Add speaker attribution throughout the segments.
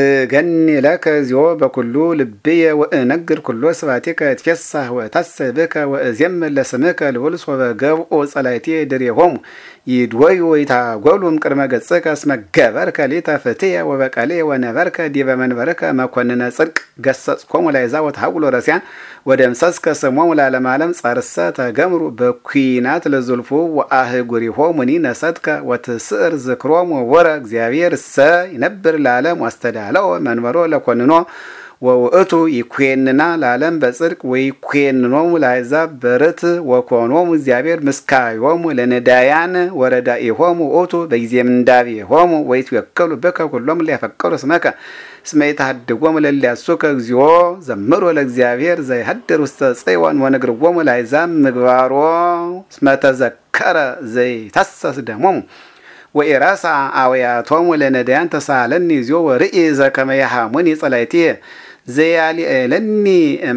Speaker 1: እገኒ ለከ ዚኦ በኩሉ ልብየ ወእነግር ኩሎ ስባቴከ እትፌሳህ ወታሰብ ብከ ወእዜምር ለስምከ ልውልሶ ገብኦ ጸላይቴ ድሬሆሙ ይድወዩ ወይታጎሉም ቅድመ ገጽከ እስመ ገበርከ ሊተ ፍትየ ወበቀሌ ወነበርከ ዲበ መንበርከ መኮንነ ጽድቅ ገሰጽኮሙ ላሕዛብ ወተሐውሎ ረስያን ወደምሰስከ ስሞሙ ላለማለም ጸርሰ ተገምሩ በኩናት ለዙልፉ ወአህጉሪሆሙ እምኔ ነሰትከ ወትስዕር ዝክሮሙ ወረ እግዚአብሔር ሰ ይነብር ለዓለም ዋስተዳ ወዳለው መንበሮ ለኮንኖ ወውእቱ ይኩንና ለዓለም በጽድቅ ወይኩንኖሙ ለአሕዛብ በርት ወኮኖም እግዚአብሔር ምስካዮም ለነዳያን ወረዳ ይሆም ውእቱ በጊዜ ምንዳቤሆሙ ወይትወከሉ ብከ ኩሎም ለያፈቀሩ ስመከ እስመ ይትሃድጎሙ ለሊያሱከ እግዚኦ ዘምሩ ለእግዚአብሔር ዘይሃድር ውስተ ጽዮን ወንግርዎሙ ለአሕዛብ ምግባሮ ስመተዘከረ ዘይታሰስ ደሞም ወኢረሳ አውያቶሙ ለነዳያን ተሳለኒ እዚዮ ወርኢ ዘከመ ጸላይትየ ዘያሊኤለኒ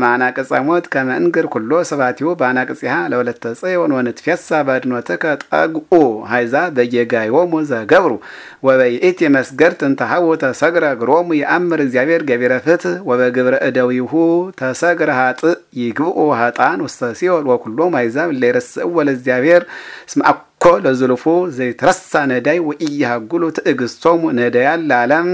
Speaker 1: ማናቅጸ ሞት ከመ እንግር ኩሎ ሰባቲሁ ባናቅጽሃ ለሁለተ ጽዮን ወንትፌሳ በድኖትከ ጠግኡ ሃይዛ በየጋዮሙ ዘገብሩ ወበይእቲ መስገድ ትንተሃው ተሰግረ እግሮሙ የአምር እግዚአብሔር ገቢረ ፍትህ ወበግብረ እደዊሁ ተሰግረ ሃጥእ ይግብኡ ሃጣን ውስተ ሲኦል ወኩሎም ሃይዛብ ለይረስእዎ ለእግዚአብሔር ስማአኩ እኮ ዝልፉ ዘይትረሳ ነዳይ ወእያጉሉ ትዕግስቶሙ ነዳያን ላለም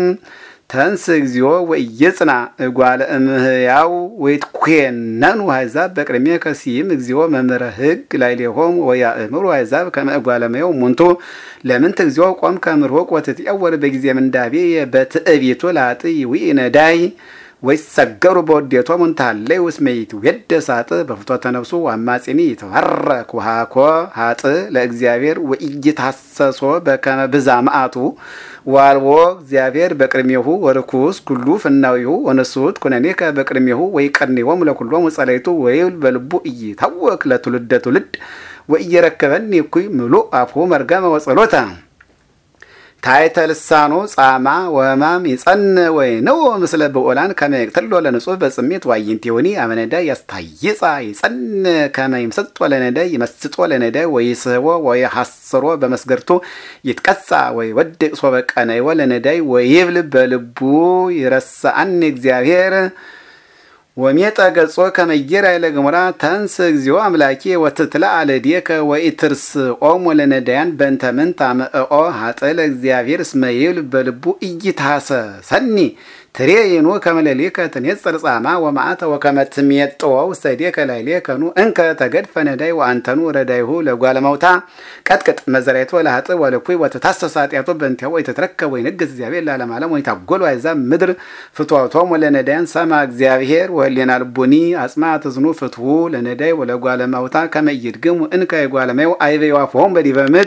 Speaker 1: ተንስ እግዚኦ ወኢየጽና እጓለ እምህያው ወይትኮነን አሕዛብ በቅድሜ ሲም እግዚኦ መምህረ ሕግ ላዕሌሆሙ ወያእምሩ አሕዛብ ከመ እጓለ እመዮም ሙንቱ ለምንት እግዚኦ ቆም ከምርሆቅ ወትትያወር በጊዜ ምንዳቤ በትዕቢቱ ላጥይ ውኢ ነዳይ ወይሰገሩ በወዴቶም እንታሃለይ ውስመይት ወደ ሳጥ በፍቶተ ነፍሱ አማጺኒ ይትባረክ ወሃኮ ሀጥ ለእግዚአብሔር ወኢይታሰሶ በከመ ብዛ መዓቱ ዋልዎ እግዚአብሔር በቅድሜሁ ወርኩስ ኩሉ ፍናዊሁ ወነሱት ኩነኔከ በቅድሜሁ ወይቀድኔዎሙ ለኩሎም ወጸለይቱ ወይብል በልቡ እይ ታወክ ለትውልደ ትውልድ ወእየረከበኒ እኩይ ምሉእ አፉ መርገመ ወጸሎታ ታይተ ልሳኑ ጻማ ወህማም ይጸን ወይ ነው ምስለ ብኦላን ከመይ ቅትል ወለ ንጹህ በጽሜት ዋይንት ዋይንቲሆኒ አመነዳ ያስታይጻ ይጸን ከመይ ከመ ይምሰጦ ለነዳይ ይመስጦ ስህቦ ወይ ወይሐስሮ በመስገርቱ ይትቀጻ ወይ ወድቅ ሶበቀነይወ ወይ ይብል በልቡ ይረሳ አን እግዚአብሔር ወሜጠ ገጾ ከመጌራይ ግሙራ ተንስ እግዚኦ አምላኬ ወትትላ አለዴከ ወኢትርስ ኦሙ ለነዳያን በንተምን ታመእኦ ሀጠለ እግዚአብሔር እስመ ይብል በልቡ እይታሰ ሰኒ ትሬይኑ ከመለሊከ ትኔጽር ጽርጻማ ወማአተ ወከመትሜጥዎ ውስተ እዴከ ከላይሌ ከኑ እንከ ተገድ ፈነዳይ ወአንተኑ ረዳይሁ ለጓለ መውታ ቀጥቅጥ መዘራይቶ ወላሀጥ ወለኩይ ወተታሰሳ ኃጢአቶ በእንቲአው ወይተትረከብ ወይንግሥ እግዚአብሔር ላለማለም ዓለም ወይታጎል አሕዛብ ምድር ፍትወቶሙ ወለነዳያን ሰማ እግዚአብሔር ወህሊና ልቡኒ አጽማ ትዝኑ ፍትሁ ለነዳይ ወለጓለ መውታ ከመ እንከ የጓለመው አይቤ ይዋፍሆሙ